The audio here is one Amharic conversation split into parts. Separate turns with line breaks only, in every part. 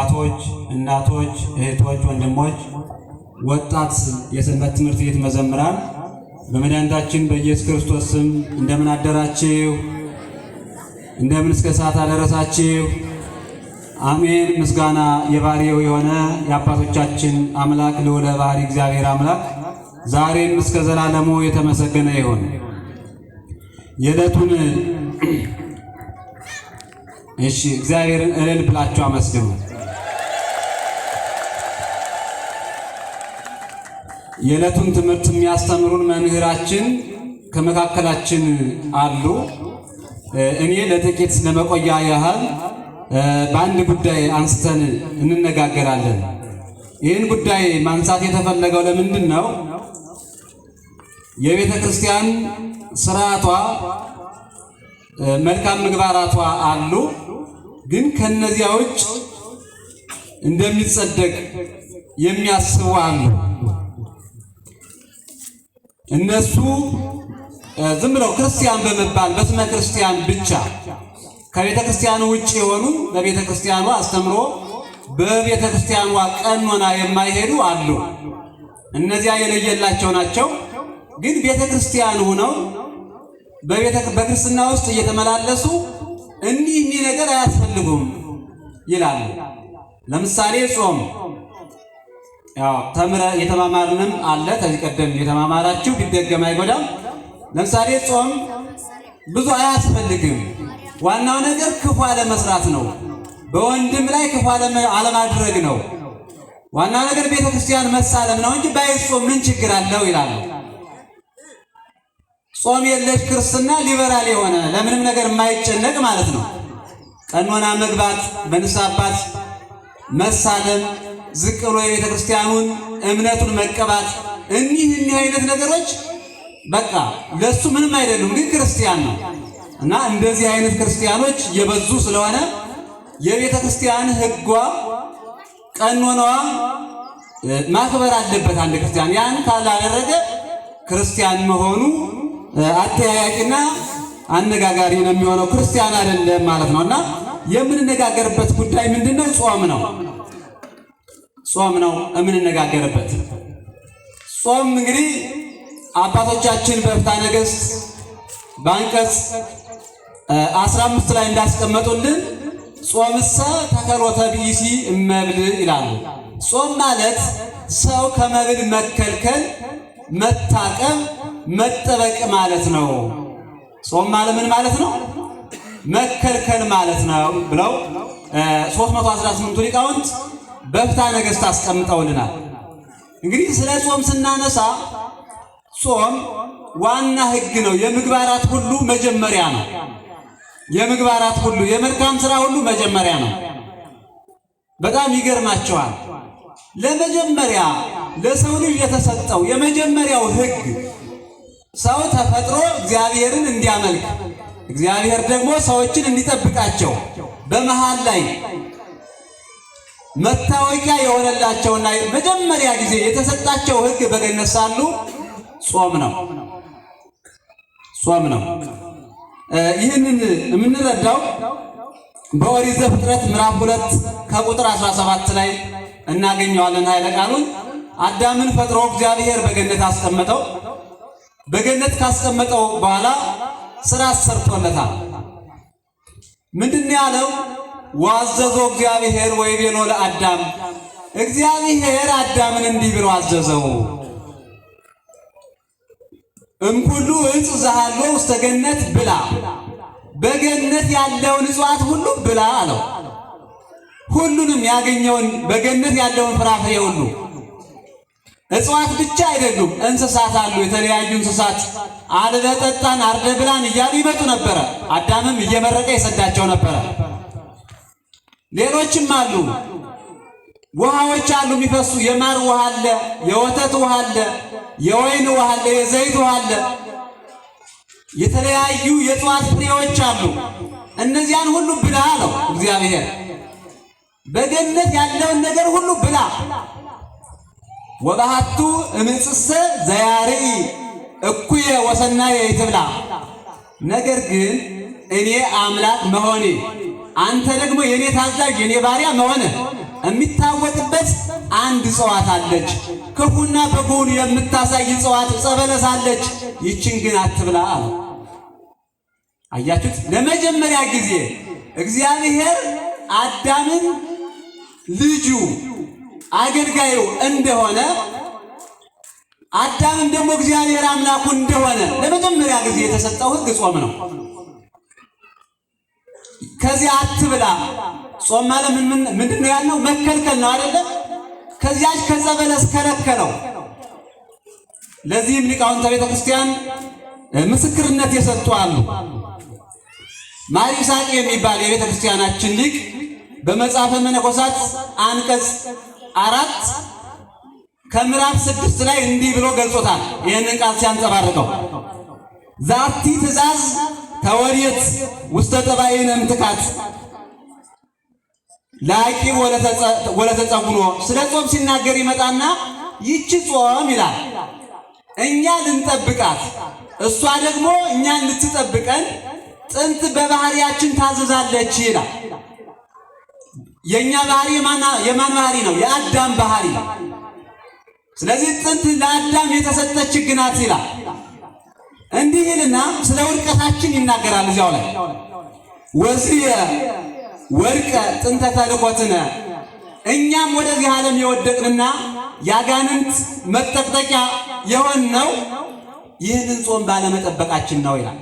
አባቶች፣ እናቶች፣ እህቶች፣ ወንድሞች፣ ወጣት የሰንበት ትምህርት ቤት መዘምራን በመድኃኒታችን በኢየሱስ ክርስቶስ ስም እንደምን አደራችሁ? እንደምን እስከ ሰዓት አደረሳችሁ? አሜን። ምስጋና የባሪው የሆነ የአባቶቻችን አምላክ ልዑለ ባህሪ እግዚአብሔር አምላክ ዛሬም እስከ ዘላለሙ የተመሰገነ ይሁን። የዕለቱን እሺ፣ እግዚአብሔርን እልል ብላችሁ አመስግኑ። የዕለቱን ትምህርት የሚያስተምሩን መምህራችን ከመካከላችን አሉ። እኔ ለጥቂት ለመቆያ ያህል በአንድ ጉዳይ አንስተን እንነጋገራለን። ይህን ጉዳይ ማንሳት የተፈለገው ለምንድን ነው? የቤተ ክርስቲያን ስርዓቷ፣ መልካም ምግባራቷ አሉ። ግን ከነዚያ ውጭ እንደሚጸደቅ የሚያስቡ አሉ። እነሱ ዝም ብለው ክርስቲያን በመባል በስመ ክርስቲያን ብቻ ከቤተ ክርስቲያኑ ውጭ የሆኑ በቤተ ክርስቲያኗ አስተምሮ በቤተ ክርስቲያኗ ቀኖና የማይሄዱ አሉ። እነዚያ የለየላቸው ናቸው። ግን ቤተ ክርስቲያን ሆነው በክርስትና ውስጥ እየተመላለሱ እኒህ እኒህ ነገር አያስፈልጉም ይላሉ። ለምሳሌ ጾም ያው ተምረ የተማማርንም አለ። ከዚህ ቀደም የተማማራችሁ ቢደገም አይጎዳም። ለምሳሌ ጾም ብዙ አያስፈልግም። ዋናው ነገር ክፉ አለመስራት ነው። በወንድም ላይ ክፉ አለማድረግ ነው። ዋናው ነገር ቤተ ክርስቲያን መሳለም ነው እንጂ ባይጾም ምን ችግር አለው ይላሉ። ጾም የለሽ ክርስትና ሊበራል የሆነ ለምንም ነገር የማይጨነቅ ማለት ነው። ቀኖና መግባት፣ በንስሐ አባት መሳለም ዝቅ ብሎ የቤተ ክርስቲያኑን እምነቱን መቀባት እኒህ እኒህ አይነት ነገሮች በቃ ለሱ ምንም አይደሉም፣ ግን ክርስቲያን ነው እና እንደዚህ አይነት ክርስቲያኖች የበዙ ስለሆነ የቤተ ክርስቲያን ሕጓ ቀኖናዋ ማክበር አለበት። አንድ ክርስቲያን ያን ካላደረገ ክርስቲያን መሆኑ አተያያቂና አነጋጋሪ ነው የሚሆነው፣ ክርስቲያን አይደለም ማለት ነው እና የምንነጋገርበት ጉዳይ ምንድነው? ጾም ነው። ጾም ነው የምንነጋገርበት። ጾም እንግዲህ አባቶቻችን በፍትሐ ነገሥት በአንቀጽ አስራ አምስት ላይ እንዳስቀመጡልን ጾምሰ ተከሮተ ብእሲ እመብል ይላሉ። ጾም ማለት ሰው ከመብል መከልከል፣ መታቀም መጠበቅ ማለት ነው። ጾም ማለት ምን ማለት ነው? መከልከል ማለት ነው ብለው 318ቱ ሊቃውንት በፍታ ነገሥት አስቀምጠውልናል። እንግዲህ ስለ ጾም ስናነሳ ጾም ዋና ሕግ ነው። የምግባራት ሁሉ መጀመሪያ ነው። የምግባራት ሁሉ የመልካም ስራ ሁሉ መጀመሪያ ነው። በጣም ይገርማቸዋል። ለመጀመሪያ ለሰው ልጅ የተሰጠው የመጀመሪያው ሕግ ሰው ተፈጥሮ እግዚአብሔርን እንዲያመልክ፣ እግዚአብሔር ደግሞ ሰዎችን እንዲጠብቃቸው በመሃል ላይ መታወቂያ የሆነላቸውና መጀመሪያ ጊዜ የተሰጣቸው ሕግ በገነት ሳሉ ጾም ነው ጾም ነው። ይህንን የምንረዳው በኦሪት ዘፍጥረት ምዕራፍ ሁለት ከቁጥር 17 ላይ እናገኘዋለን ኃይለ ቃሉን አዳምን ፈጥሮ እግዚአብሔር በገነት አስቀመጠው። በገነት ካስቀመጠው በኋላ ስራ ሰርቶለታል። ምንድን ያለው? ዋዘዞ እግዚአብሔር ወይቤሎ ለአዳም እግዚአብሔር አዳምን እንዲህ ብሎ አዘዘው፣ እምኩሉ ዕፅ ዘሃሎ ውስተ ገነት ብላ፣ በገነት ያለውን እጽዋት ሁሉ ብላ አለው። ሁሉንም ያገኘውን በገነት ያለውን ፍራፍሬ ሁሉ እጽዋት ብቻ አይደሉም፣ እንስሳት አሉ። የተለያዩ እንስሳት አልበጠጣን አርደ ብላን እያሉ ይመጡ ነበረ። አዳምም እየመረቀ የሰዳቸው ነበረ። ሌሎችም አሉ። ውሃዎች አሉ የሚፈሱ የማር ውሃ አለ፣ የወተት ውሃ አለ፣ የወይን ውሃ አለ፣ የዘይት ውሃ አለ። የተለያዩ የእጽዋት ፍሬዎች አሉ። እነዚያን ሁሉ ብላ አለው እግዚአብሔር። በገነት ያለውን ነገር ሁሉ ብላ ወባሃቱ እምንጽሰ ዘያርኢ እኩየ ወሰናየ ይትብላ። ነገር ግን እኔ አምላክ መሆኔ አንተ ደግሞ የኔ ታዛዥ የኔ ባሪያ መሆነ የሚታወቅበት አንድ እጽዋት አለች። ክፉና በጎን የምታሳይ እጽዋት ጸበለሳለች አለች። ይችን ግን አትብላ አያችሁት? ለመጀመሪያ ጊዜ እግዚአብሔር አዳምን ልጁ አገልጋዩ እንደሆነ አዳምን ደግሞ እግዚአብሔር አምላኩ እንደሆነ ለመጀመሪያ ጊዜ የተሰጠው ሕግ ጾም ነው። ከዚያ አትብላ። ጾም ማለት ምንድን ነው ያለው? መከልከል ነው አይደለም? ከዚያች ከጸበለስ ከለከለው። ለዚህም ሊቃውንተ ቤተ ክርስቲያን ምስክርነት የሰጡ አሉ። ማር ይስሐቅ የሚባል የቤተ ክርስቲያናችን ሊቅ በመጽሐፈ መነኮሳት አንቀጽ አራት ከምዕራፍ ስድስት ላይ እንዲህ ብሎ ገልጾታል። ይህንን ቃል ሲያንጸባርቀው ዛቲ ትእዛዝ ተወዴት ውስተ ጠባይነ ምትካት ላቂ ወለተጸጉኖ ስለ ጾም ሲናገር ይመጣና ይቺ ጾም ይላል እኛ ልንጠብቃት እሷ ደግሞ እኛን ልትጠብቀን ጥንት በባህሪያችን ታዘዛለች ይላል። የእኛ ባህሪ የማን ባህሪ ነው? የአዳም ባህሪ። ስለዚህ ጥንት ለአዳም የተሰጠች ሕግ ናት ይላል። እንዲህ ይልና ስለ ውድቀታችን ይናገራል። እዚያው ላይ ወዚህ ወድቀ ጥንተ ተልኮትነ እኛም ወደዚህ ዓለም የወደቅንና ያጋንንት መጠቅጠቂያ ነው ይህንን ጾም ባለመጠበቃችን ነው ይላል።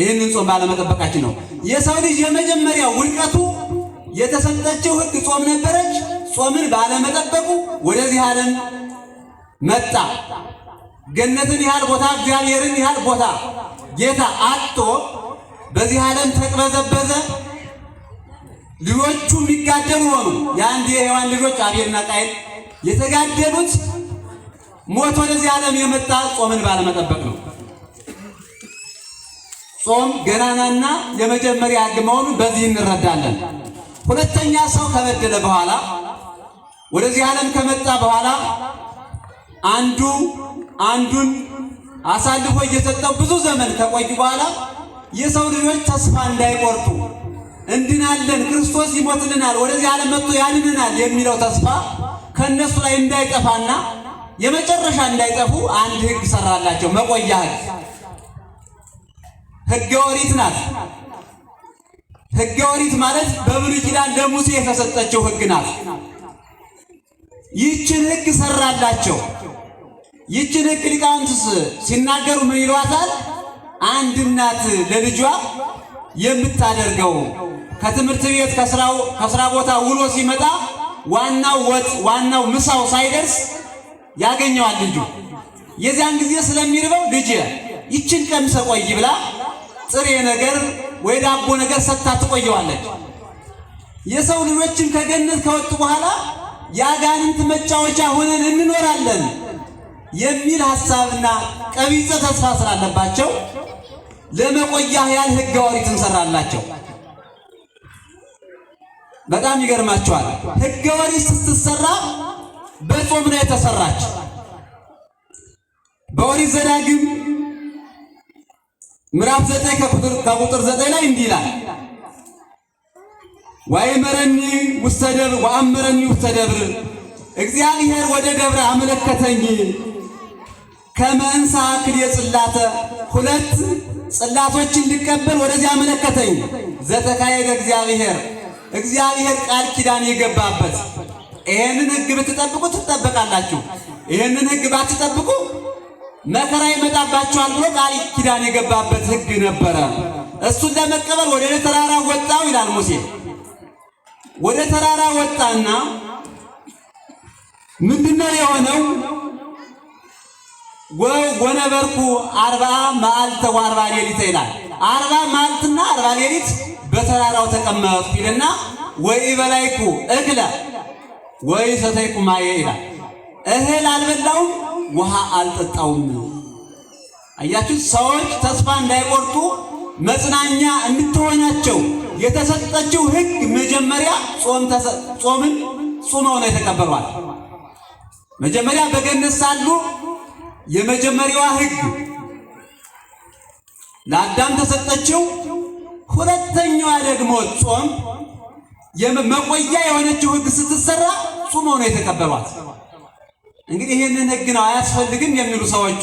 ይህንን ጾም ባለመጠበቃችን ነው። የሰው ልጅ የመጀመሪያ ውድቀቱ የተሰጠችው ሕግ ጾም ነበረች። ጾምን ባለመጠበቁ ወደዚህ ዓለም መጣ። ገነትን ያህል ቦታ እግዚአብሔርን ያህል ቦታ ጌታ አጥቶ በዚህ ዓለም ተቅበዘበዘ። ልጆቹ የሚጋደሉ ሆኑ። የአንድ የሔዋን ልጆች አቤልና ቃይል የተጋደሉት ሞት ወደዚህ ዓለም የመጣ ጾምን ባለመጠበቅ ነው። ጾም ገናናና የመጀመሪያ ሕግ መሆኑ በዚህ እንረዳለን። ሁለተኛ ሰው ከበደለ በኋላ ወደዚህ ዓለም ከመጣ በኋላ አንዱ አንዱን አሳልፎ እየሰጠው ብዙ ዘመን ከቆዩ በኋላ የሰው ልጆች ተስፋ እንዳይቆርጡ እንድናለን፣ ክርስቶስ ይሞትልናል፣ ወደዚህ ዓለም መጥቶ ያድነናል የሚለው ተስፋ ከእነሱ ላይ እንዳይጠፋና የመጨረሻ እንዳይጠፉ አንድ ሕግ ሰራላቸው። መቆያ ሕግ ሕገ ኦሪት ናት። ሕገ ኦሪት ማለት በብሉይ ኪዳን ለሙሴ የተሰጠችው ሕግ ናት። ይህችን ሕግ ሰራላቸው። ይህችን ሕግ ሊቃውንት ሲናገሩ ምን ይሏታል? አንድ እናት ለልጇ የምታደርገው ከትምህርት ቤት ከስራ ቦታ ውሎ ሲመጣ ዋናው ወጥ ዋናው ምሳው ሳይደርስ ያገኘዋል ልጁ። የዚያን ጊዜ ስለሚርበው ልጅ ይችን ቀምሰ ቆይ ብላ ጥሬ ነገር ወይ ዳቦ ነገር ሰጥታ ትቆየዋለች። የሰው ልጆችም ከገነት ከወጡ በኋላ የአጋንንት መጫወቻ ሆነን እንኖራለን የሚል ሐሳብና ቀቢጸ ተስፋ ስላለባቸው ለመቆያ ያህል ሕገ ኦሪትን ሰራላቸው። በጣም ይገርማቸዋል። ሕገ ኦሪት ስትሰራ በጾም ነው የተሰራች። በኦሪት ዘዳግም ምዕራፍ ዘጠኝ ከቁጥር ዘጠኝ ላይ እንዲህ ይላል ወይመረኒ ውስተደብር ወአምረኒ ውስተደብር እግዚአብሔር ወደ ደብረ አመለከተኝ። ከመንሳ ክልየ ጽላተ ሁለት ጽላቶችን ልቀበል ወደዚያ አመለከተኝ። ዘተካሄደ እግዚአብሔር እግዚአብሔር ቃል ኪዳን የገባበት ይህንን ሕግ ብትጠብቁ ትጠበቃላችሁ፣ ይህንን ሕግ ባትጠብቁ መከራ ይመጣባችኋል ብሎ ቃል ኪዳን የገባበት ሕግ ነበረ። እሱን ለመቀበል ወደ ተራራ ወጣው ይላል ሙሴ ወደ ተራራ ወጣና ምንድነው የሆነው? ወነበርኩ አርባ መዓልተ ወአርባ ሌሊት ይላል። አርባ መዓልትና አርባ ሌሊት በተራራው ተቀመጥኩ ይልና ወይ በላይኩ እግለ ወይ ሰተይኩ ማየ ይላል። እህል አልበላውም፣ ውሃ አልጠጣውም። አያችሁ ሰዎች ተስፋ እንዳይቆርጡ መጽናኛ እንድትሆናቸው የተሰጠችው ህግ መጀመሪያ ጾምን ጾም ነው የተቀበሏል። መጀመሪያ በገነት ሳሉ የመጀመሪያዋ ህግ ለአዳም ተሰጠችው። ሁለተኛዋ ደግሞ ጾም መቆያ የሆነችው ህግ ስትሰራ ጾም ነው የተቀበሏት። እንግዲህ ይህንን ህግ ነው አያስፈልግም የሚሉ ሰዎቹ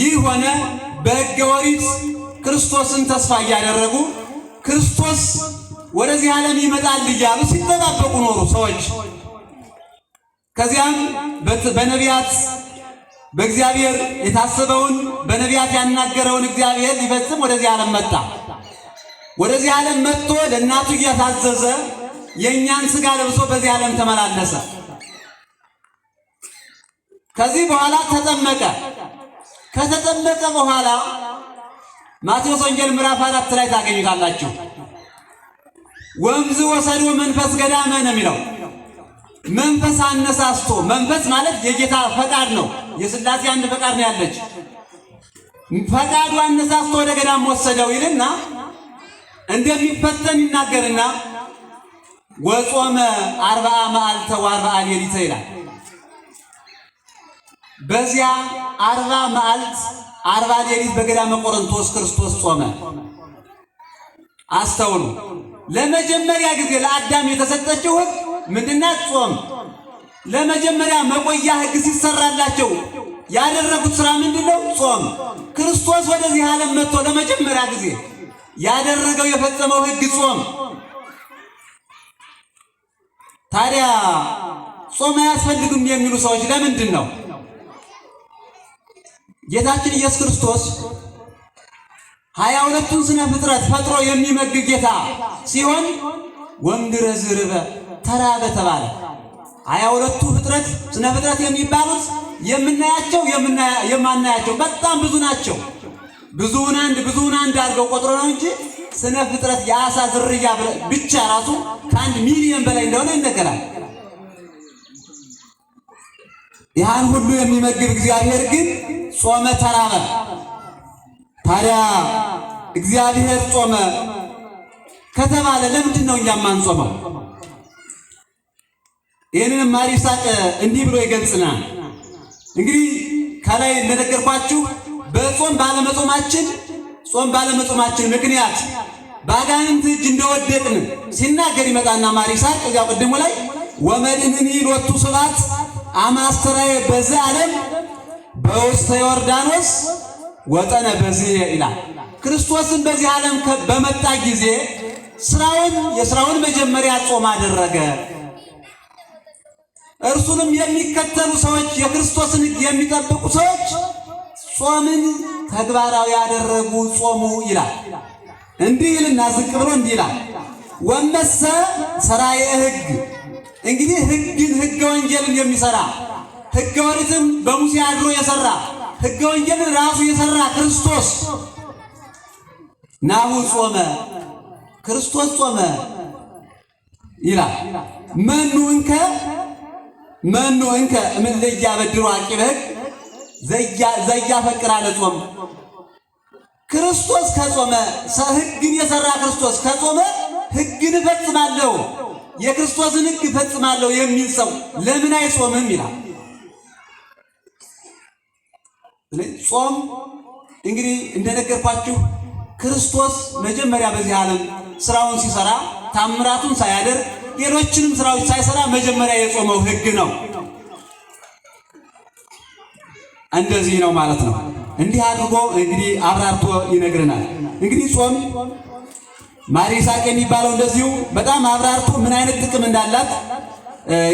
ይህ ሆነ በሕገ ኦሪት ክርስቶስን ተስፋ እያደረጉ ክርስቶስ ወደዚህ ዓለም ይመጣል እያሉ ሲጠባበቁ ኖሩ ሰዎች። ከዚያም በነቢያት በእግዚአብሔር የታሰበውን በነቢያት ያናገረውን እግዚአብሔር ሊፈጽም ወደዚህ ዓለም መጣ። ወደዚህ ዓለም መጥቶ ለእናቱ እያታዘዘ የእኛን ሥጋ ለብሶ በዚህ ዓለም ተመላለሰ። ከዚህ በኋላ ተጠመቀ። ከተጠመቀ በኋላ ማቴዎስ ወንጌል ምዕራፍ አራት ላይ ታገኙታላችሁ። ወንዝ ወሰዱ መንፈስ ገዳመ ነው የሚለው። መንፈስ አነሳስቶ፣ መንፈስ ማለት የጌታ ፈቃድ ነው። የስላሴ አንድ ፈቃድ ነው ያለች። ፈቃዱ አነሳስቶ ወደ ገዳም ወሰደው ይልና እንደሚፈተን ይናገርና ወጾመ አርባአ መዓልተ ወአርባአ ሌሊተ ይላል በዚያ አርባ መዓልት አርባ ሌሊት በገዳመ ቆሮንቶስ ክርስቶስ ጾመ። አስተውሉ። ለመጀመሪያ ጊዜ ለአዳም የተሰጠችው ሕግ ምንድናት? ጾም። ለመጀመሪያ መቆያ ሕግ ሲሰራላቸው ያደረጉት ስራ ምንድነው? ጾም። ክርስቶስ ወደዚህ ዓለም መጥቶ ለመጀመሪያ ጊዜ ያደረገው የፈጸመው ሕግ ጾም። ታዲያ ጾም አያስፈልግም የሚሉ ሰዎች ለምንድን ነው ጌታችን ኢየሱስ ክርስቶስ ሀያ ሁለቱን ስነ ፍጥረት ፈጥሮ የሚመግብ ጌታ ሲሆን ወንድረ ዝርበ ተራበ ተባለ። ሀያ ሁለቱ ፍጥረት ስነ ፍጥረት የሚባሉት የምናያቸው የማናያቸው በጣም ብዙ ናቸው። ብዙውን አንድ ብዙውን አንድ አድርገው ቆጥሮ ነው እንጂ ስነ ፍጥረት የአሳ ዝርያ ብቻ ራሱ ከአንድ ሚሊዮን በላይ እንደሆነ ይነገራል። ያን ሁሉ የሚመግብ እግዚአብሔር ግን ጾመ ተራበ። ታዲያ እግዚአብሔር ጾመ ከተባለ ለምንድን ነው እኛም ማንጾመው ይህንንም ማሪ ይስሐቅ እንዲህ ብሎ ይገልጽናል። እንግዲህ ከላይ እንደነገርኳችሁ በጾም ባለመጾማችን ጾም ባለመጾማችን ምክንያት በአጋንንት እጅ እንደወደቅን ሲናገር ይመጣና ማሪ ይስሐቅ ቅድሙ ላይ ወመድንኒ ሎቱ ስብሐት አማስተራዬ በዚህ ዓለም በውስተ ዮርዳኖስ ወጠነ በዚህ ይላል። ክርስቶስን በዚህ ዓለም በመጣ ጊዜ ስራውን የስራውን መጀመሪያ ጾም አደረገ። እርሱንም የሚከተሉ ሰዎች የክርስቶስን የሚጠብቁ ሰዎች ጾምን ተግባራዊ ያደረጉ ጾሙ ይላል። እንዲህ ይልና ዝቅ ብሎ እንዲህ ይላል ወመሰ ሰራየ ሕግ እንግዲህ ሕግን ሕገ ወንጌልን የሚሰራ ሕገ ኦሪትም በሙሴ አድሮ የሰራ ህገወንጀል ወንጌልን ራሱ የሰራ ክርስቶስ ናሁ ጾመ ክርስቶስ ጾመ ይላል። መኑ እንከ መኑ እንከ ምን ዘያ በድሮ አቂበህ ሕግ ዘያ ፈቅር አለ ጾም ክርስቶስ ከጾመ ሕግን የሰራ ክርስቶስ ከጾመ ህግን እፈጽማለሁ የክርስቶስን ህግ እፈጽማለሁ የሚል ሰው ለምን አይጾምም ይላል። ጾም እንግዲህ እንደነገርኳችሁ ክርስቶስ መጀመሪያ በዚህ ዓለም ስራውን ሲሰራ ታምራቱን ሳያደርግ ሌሎችንም ስራዎች ሳይሰራ መጀመሪያ የጾመው ህግ ነው። እንደዚህ ነው ማለት ነው። እንዲህ አድርጎ እንግዲህ አብራርቶ ይነግረናል። እንግዲህ ጾም ማር ይስሐቅ የሚባለው እንደዚሁ በጣም አብራርቶ ምን አይነት ጥቅም እንዳላት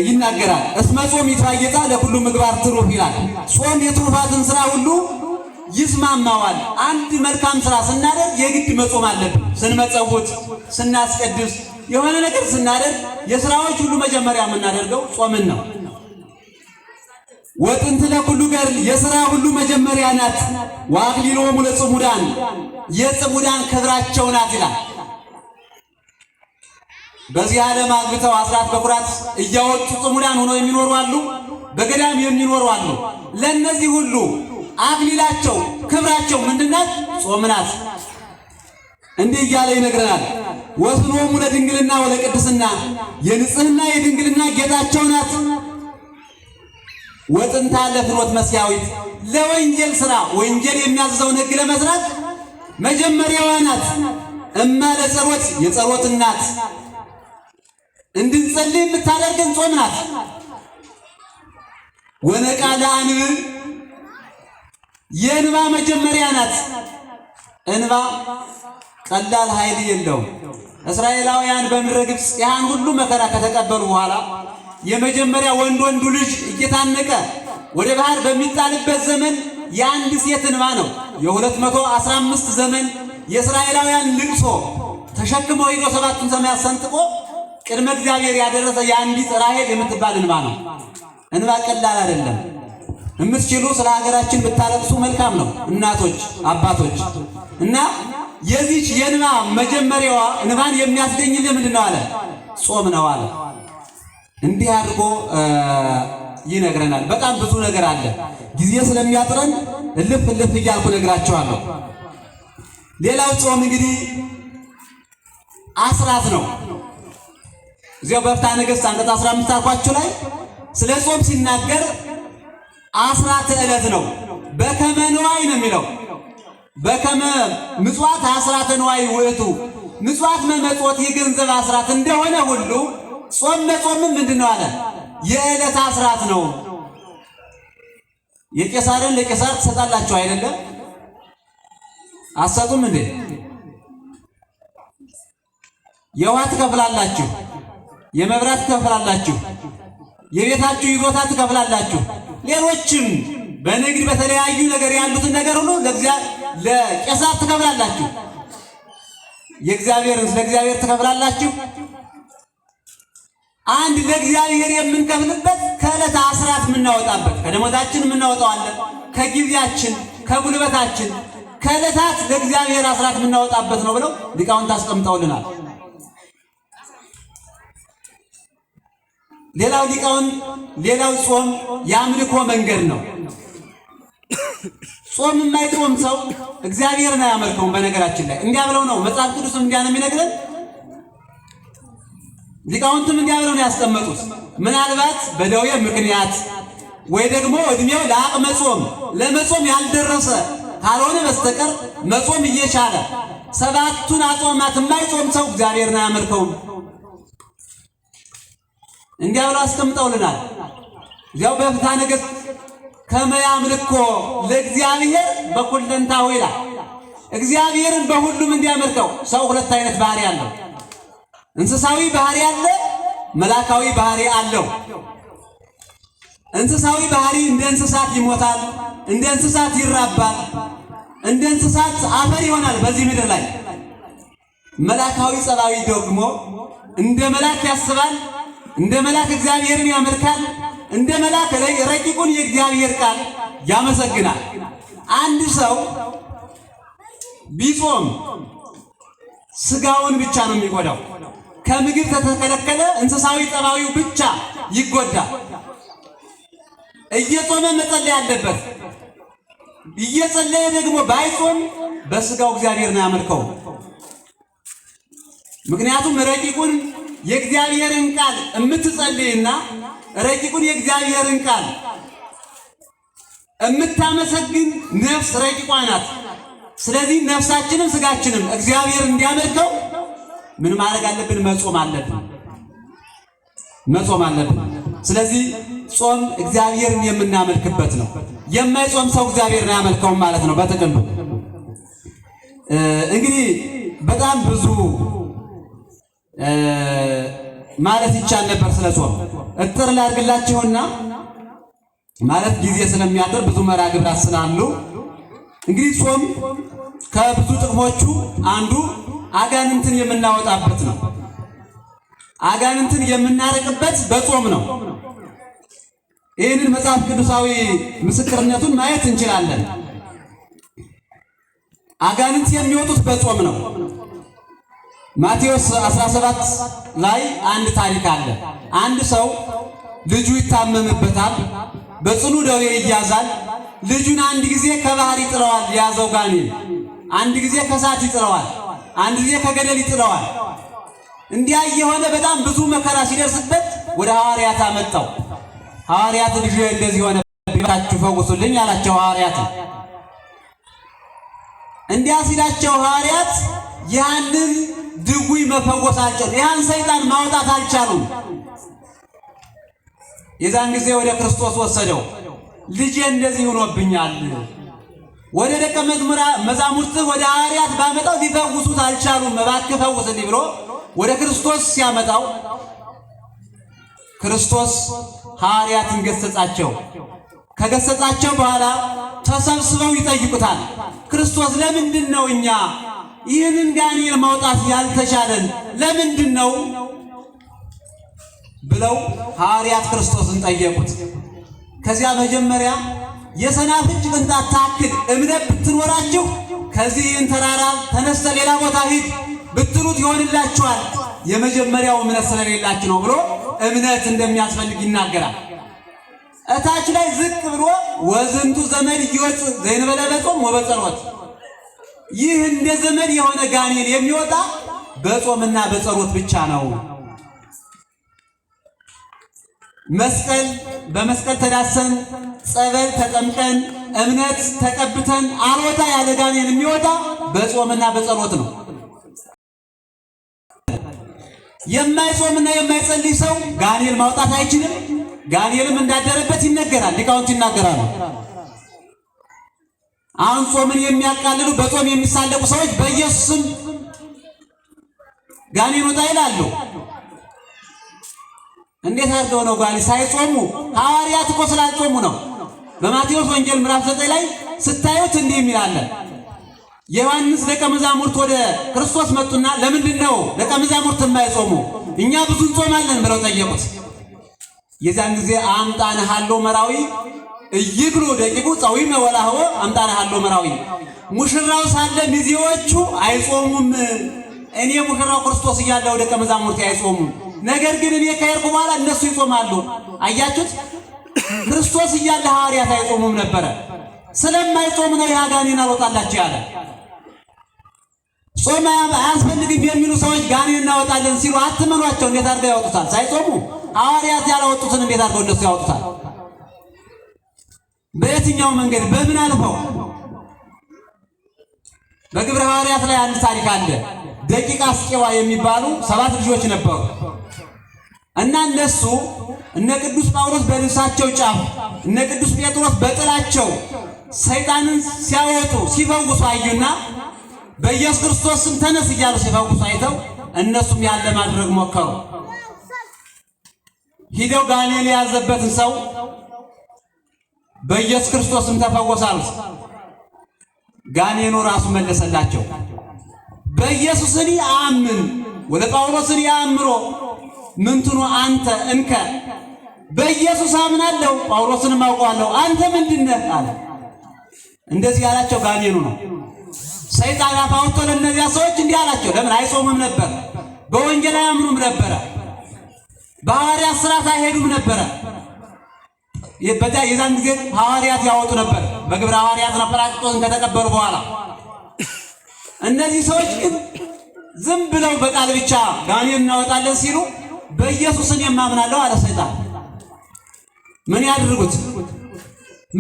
ይናገራል። እስመ ጾም ይትራየጣ ለሁሉ ምግባር ትሩፍ ይላል። ጾም የትሩፋትን ስራ ሁሉ ይስማማዋል። አንድ መልካም ስራ ስናደርግ የግድ መጾም አለብን። ስንመጸውት፣ ስናስቀድስ፣ የሆነ ነገር ስናደርግ የስራዎች ሁሉ መጀመሪያ የምናደርገው ጾምን ነው። ወጥንት ለኩሉ ገር የስራ ሁሉ መጀመሪያ ናት። ወአክሊሎሙ ለጽሙዳን የጽሙዳን ክብራቸው ናት ይላል። በዚህ ዓለም አግብተው አስራት በኩራት እያወጡ ጽሙዳን ሆነው የሚኖሩ አሉ፣ በገዳም የሚኖሩ አሉ። ለእነዚህ ሁሉ አክሊላቸው ክብራቸው ምንድናት? ጾም ናት። እንዲህ እያለ ይነግረናል። ወስኖሙ ለድንግልና ወለቅድስና የንጽህና የድንግልና ጌጣቸው ናት። ወጥንታ ለፍኖት መስያዊት ለወንጀል ስራ ወንጀል የሚያዝዘውን ሕግ ለመስራት መጀመሪያዋ ናት። እማ ለጸሮት የጸሎት እናት እንድንጸልይ የምታደርገን ጾም ናት። ወነቃ ለአንብብ የእንባ መጀመሪያ ናት። እንባ ቀላል ኃይል የለውም። እስራኤላውያን በምድረ ግብፅ ያን ሁሉ መከራ ከተቀበሉ በኋላ የመጀመሪያ ወንድ ወንዱ ልጅ እየታነቀ ወደ ባህር በሚጣልበት ዘመን የአንድ ሴት እንባ ነው። የ215 ዘመን የእስራኤላውያን ልቅሶ ተሸክመው ሄዶ ሰባቱን ሰማያት ሰንጥቆ ቅድመ እግዚአብሔር ያደረሰ የአንዲት ራሔል የምትባል እንባ ነው። እንባ ቀላል አይደለም። የምትችሉ ስለ ሀገራችን ብታለቅሱ መልካም ነው። እናቶች፣ አባቶች እና የዚች የንባ መጀመሪያዋ እንባን የሚያስገኝልህ ምንድን ነው አለ? ጾም ነው አለ። እንዲህ አድርጎ ይነግረናል። በጣም ብዙ ነገር አለ። ጊዜ ስለሚያጥረን እልፍ እልፍ እያልኩ ነግራቸዋለሁ። ሌላው ጾም እንግዲህ አስራት ነው። እዚያው በፍትሐ ነገሥት አንቀጽ 15 አርኳችሁ ላይ ስለ ጾም ሲናገር አስራተ ዕለት ነው። በከመ ንዋይ ነው የሚለው በከመ ምጽዋት አስራተ ንዋይ ውእቱ ምጽዋት መመጽወት የገንዘብ አስራት እንደሆነ ሁሉ ጾም መጾምም ምንድን ነው አለ የዕለት አስራት ነው። የቄሳርን ለቄሳር ትሰጣላችሁ አይደለም አሰጡም እንዴ? የውሃ ትከፍላላችሁ የመብራት ትከፍላላችሁ፣ የቤታችሁ ይዞታ ትከፍላላችሁ። ሌሎችም በንግድ በተለያዩ ነገር ያሉትን ነገር ሁሉ ለቄሳት ትከፍላላችሁ፣ የእግዚአብሔርን ለእግዚአብሔር ትከፍላላችሁ። አንድ ለእግዚአብሔር የምንከፍልበት ከዕለት አስራት የምናወጣበት ከደሞታችን የምናወጣዋለን ከጊዜያችን ከጉልበታችን ከዕለታት ለእግዚአብሔር አስራት የምናወጣበት ነው ብለው ሊቃውንት አስቀምጠውልናል። ሌላው ሊቃውን ሌላው ጾም የአምልኮ መንገድ ነው። ጾም የማይጾም ሰው እግዚአብሔርን አያመልከውም። በነገራችን ላይ እንዲያ ብለው ነው መጽሐፍ ቅዱስም እንዲያ ነው የሚነግረን፣ ሊቃውንትም እንዲያ ብለው ነው ያስቀመጡት። ምናልባት በደዌ ምክንያት ወይ ደግሞ እድሜው ለአቅመ ጾም ለመጾም ያልደረሰ ካልሆነ በስተቀር መጾም እየቻለ ሰባቱን አጽዋማት የማይጾም ሰው እግዚአብሔርን አያመልከውም። እንዲያ ብለው አስቀምጠውልናል። እዚያው በፍትሐ ነገሥት ከመያምልኮ ለእግዚአብሔር በኩለንታሁ ይላል። እግዚአብሔርን በሁሉም እንዲያመልከው ሰው ሁለት አይነት ባህሪ አለው። እንስሳዊ ባህሪ አለ፣ መላካዊ ባህሪ አለው። እንስሳዊ ባህሪ እንደ እንስሳት ይሞታል፣ እንደ እንስሳት ይራባል፣ እንደ እንስሳት አፈር ይሆናል በዚህ ምድር ላይ። መላካዊ ጸባዊ ደግሞ እንደ መላክ ያስባል እንደ መልአክ እግዚአብሔርን ያመልካል። እንደ መልአክ ረቂቁን የእግዚአብሔር ቃል ያመሰግናል። አንድ ሰው ቢጾም ስጋውን ብቻ ነው የሚጎዳው። ከምግብ ተተከለከለ እንስሳዊ ጠባዊው ብቻ ይጎዳል። እየጾመ መጸለይ አለበት። እየጸለየ ደግሞ ባይጾም በስጋው እግዚአብሔርን አያመልከው። ምክንያቱም ረቂቁን የእግዚአብሔርን ቃል የምትጸልይና ረቂቁን የእግዚአብሔርን ቃል የምታመሰግን ነፍስ ረቂቋ ናት። ስለዚህ ነፍሳችንም ስጋችንም እግዚአብሔር እንዲያመልከው ምን ማድረግ አለብን? መጾም አለብን፣ መጾም አለብን። ስለዚህ ጾም እግዚአብሔርን የምናመልክበት ነው። የማይጾም ሰው እግዚአብሔርን አያመልከውም ማለት ነው። በጥቅሉ እንግዲህ በጣም ብዙ ማለት ይቻል ነበር። ስለ ጾም እጥር ላድርግላችሁና ማለት ጊዜ ስለሚያጥር ብዙ መርሃ ግብራት ስላሉ እንግዲህ ጾም ከብዙ ጥቅሞቹ አንዱ አጋንንትን የምናወጣበት ነው። አጋንንትን የምናረቅበት በጾም ነው። ይህንን መጽሐፍ ቅዱሳዊ ምስክርነቱን ማየት እንችላለን። አጋንንት የሚወጡት በጾም ነው። ማቴዎስ 17 ላይ አንድ ታሪክ አለ። አንድ ሰው ልጁ ይታመምበታል፣ በጽኑ ደዌ ይያዛል። ልጁን አንድ ጊዜ ከባህር ይጥለዋል፣ የያዘው ጋኔን አንድ ጊዜ ከእሳት ይጥለዋል፣ አንድ ጊዜ ከገደል ይጥለዋል። እንዲያ የሆነ በጣም ብዙ መከራ ሲደርስበት ወደ ሐዋርያት አመጣው። ሐዋርያት ልጁ እንደዚህ ሆነ ቤታችሁ ፈውሱልኝ አላቸው። ሐዋርያት እንዲያ ሲላቸው ሐዋርያት ያንን ድውይ መፈወስ አልቻሉ። ያን ሰይጣን ማውጣት አልቻሉ። የዛን ጊዜ ወደ ክርስቶስ ወሰደው። ልጄ እንደዚህ ሆኖብኛል፣ ወደ ደቀ መዛሙርት ወደ ሐዋርያት ባመጣው ሊፈውሱት አልቻሉም፣ እባክህ ፈውስልኝ ብሎ ወደ ክርስቶስ ሲያመጣው ክርስቶስ ሐዋርያትን ገሰጻቸው። ከገሰጻቸው በኋላ ተሰብስበው ይጠይቁታል። ክርስቶስ ለምንድን ነው እኛ ይህንን ዳንኤል ማውጣት ያልተቻለን ለምንድን ነው ብለው ሐዋርያት ክርስቶስን ጠየቁት። ከዚያ መጀመሪያ የሰናፍጭ ቅንጣት ታክል እምነት ብትኖራችሁ ከዚህን ተራራ ተነስተ ሌላ ቦታ ሂድ ብትሉት ይሆንላችኋል። የመጀመሪያው እምነት ስለሌላችሁ ነው ብሎ እምነት እንደሚያስፈልግ ይናገራል። እታች ላይ ዝቅ ብሎ ወዝንቱ ዘመድ ይወጽ ዘይንበለ በጾም ወበጸሎት ይህ እንደ ዘመን የሆነ ጋኔን የሚወጣ በጾምና በጸሎት ብቻ ነው። መስቀል በመስቀል ተዳሰን፣ ጸበል ተጠምቀን፣ እምነት ተቀብተን አልወጣ ያለ ጋኔን የሚወጣ በጾምና በጸሎት ነው። የማይጾምና የማይጸልይ ሰው ጋኔል ማውጣት አይችልም። ጋኔልም እንዳደረበት ይነገራል፣ ሊቃውንት ይናገራሉ። አሁን ጾምን የሚያቃልሉ በጾም የሚሳለቁ ሰዎች በኢየሱስም ጋኔን ይወጣ ይላሉ። እንዴት አድርገው ነው ጋኔን ሳይጾሙ? ሐዋርያት እኮ ስላልጾሙ ነው። በማቴዎስ ወንጌል ምዕራፍ ዘጠኝ ላይ ስታዩት እንዲህ የሚላለን የዮሐንስ ደቀ መዛሙርት ወደ ክርስቶስ መጡና ለምንድን ነው ደቀ መዛሙርት የማይጾሙ እኛ ብዙ እንጾማለን ብለው ጠየቁት። የዛን ጊዜ አምጣነ መራዊ እይብሉ ደቂቁ ጸዊመ ወላህቦ አምጣልሃሎ መራዊ ሙሽራው ሳለ ሚዜዎቹ አይጾሙም። እኔ ሙሽራው ክርስቶስ እያለሁ ደቀ መዛሙርቴ አይጾሙም። ነገር ግን እኔ ከሄድኩ በኋላ እነሱ ይጾማሉ። አያችሁት? ክርስቶስ እያለ ሐዋርያት አይጾሙም ነበረ። ስለማይጾም ነው ጋኔን አልወጣላችሁ ያለ። ጾም አያስፈልግም የሚሉ ሰዎች ጋኔን እናወጣለን ሲሉ አትመኗቸው። እንዴት አድርገው ያወጡታል? ሳይጾሙ ሐዋርያት ያላወጡትን እንዴት አድርገው እነሱ ያወጡታል? በየትኛው መንገድ በምን አልፈው? በግብረ ሐዋርያት ላይ አንድ ታሪክ አለ። ደቂቅ አስቄዋ የሚባሉ ሰባት ልጆች ነበሩ እና እነሱ እነ ቅዱስ ጳውሎስ በልብሳቸው ጫፍ እነ ቅዱስ ጴጥሮስ በጥላቸው ሰይጣንን ሲያወጡ ሲፈውሱ አዩና በኢየሱስ ክርስቶስ ስም ተነስ እያሉ ሲፈውሱ አይተው እነሱም ያለ ለማድረግ ሞከሩ። ሂደው ጋኔን የያዘበትን ሰው በኢየሱስ ክርስቶስም ተፈወሳሉ። ጋኔኑ ራሱ መለሰላቸው። በኢየሱስ እኔ አምን ወደ ጳውሎስ እኔ አምሮ ምንትኑ አንተ እንከ በኢየሱስ አምናለሁ ጳውሎስን አውቀዋለሁ አንተ ምንድነህ አለ። እንደዚህ ያላቸው ጋኔኑ ነው። ሰይጣን አፋውቶ ለእነዚያ ሰዎች እንዲህ አላቸው። ለምን አይጾምም ነበር? በወንጌል አያምኑም ነበረ። በሐዋርያት ሥርዓት አይሄዱም ነበረ። በዚያ የዛን ጊዜ ሐዋርያት ያወጡ ነበር። በግብረ ሐዋርያት ነበር ጰራቅሊጦስን ከተቀበሉ በኋላ እነዚህ ሰዎች ግን ዝም ብለው በቃል ብቻ ጋኔን እናወጣለን ሲሉ በኢየሱስን የማምናለው አለ ሰይጣን። ምን ያድርጉት?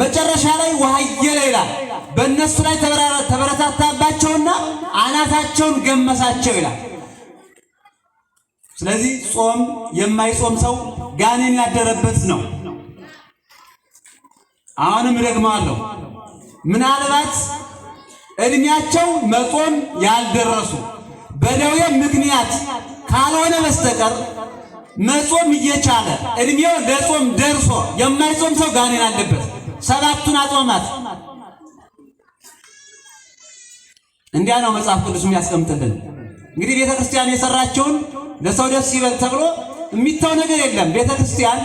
መጨረሻ ላይ ወኃየለ ይላል። በእነሱ ላይ ተበረታታባቸውና አናታቸውን ገመሳቸው ይላል። ስለዚህ ጾም የማይጾም ሰው ጋኔን ያደረበት ነው። አሁንም እደግማለሁ። ምናልባት እድሜያቸው መጾም ያልደረሱ በደዌ ምክንያት ካልሆነ በስተቀር መጾም እየቻለ እድሜው ለጾም ደርሶ የማይጾም ሰው ጋኔን አለበት። ሰባቱን አጽዋማት እንዲያ ነው መጽሐፍ ቅዱስም ያስቀምጥልን። እንግዲህ ቤተ ክርስቲያን የሰራቸውን ለሰው ደስ ይበል ተብሎ የሚተው ነገር የለም። ቤተ ክርስቲያን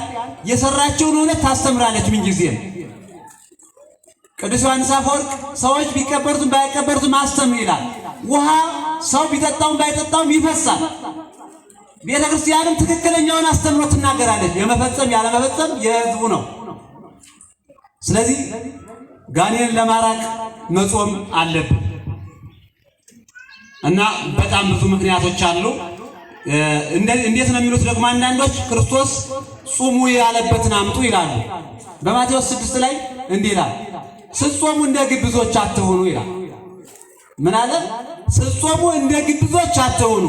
የሰራቸውን እውነት ታስተምራለች ምን ጊዜም ቅዱስ ዮሐንስ አፈወርቅ ሰዎች ቢቀበሩትም ባይቀበሩትም አስተምር ይላል። ውሃ ሰው ቢጠጣውም ባይጠጣውም ይፈሳል። ቤተ ክርስቲያንም ትክክለኛውን አስተምሮ ትናገራለች። የመፈጸም ያለመፈጸም የህዝቡ ነው። ስለዚህ ጋኔን ለማራቅ መጾም አለብን እና በጣም ብዙ ምክንያቶች አሉ። እንዴት ነው የሚሉት ደግሞ አንዳንዶች ክርስቶስ ጹሙ ያለበትን አምጡ ይላሉ። በማቴዎስ ስድስት ላይ እንዲህ ይላል ስትጾሙ እንደ ግብዞች አትሆኑ ይላል። ምን አለ? ስትጾሙ እንደ ግብዞች አትሆኑ።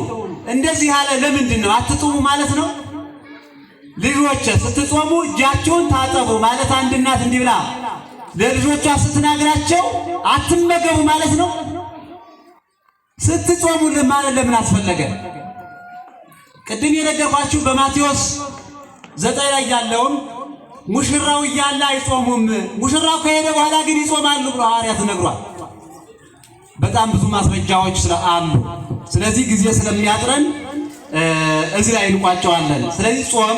እንደዚህ ያለ ለምንድን ነው? አትጾሙ ማለት ነው። ልጆች ስትጾሙ እጃችሁን ታጠቡ ማለት አንድ እናት እንዲህ ብላ ለልጆቿ ስትናግራቸው አትመገቡ ማለት ነው። ስትጾሙ ማለት ለምን አስፈለገ? ቅድም የነገርኳችሁ በማቴዎስ ዘጠኝ ላይ ያለውን ሙሽራው እያለ አይጾሙም፣ ሙሽራው ከሄደ በኋላ ግን ይጾማሉ ብሎ ሐዋርያት ነግሯል። በጣም ብዙ ማስረጃዎች ስለአሉ ስለዚህ ጊዜ ስለሚያጥረን እዚህ ላይ እንቋጨዋለን። ስለዚህ ጾም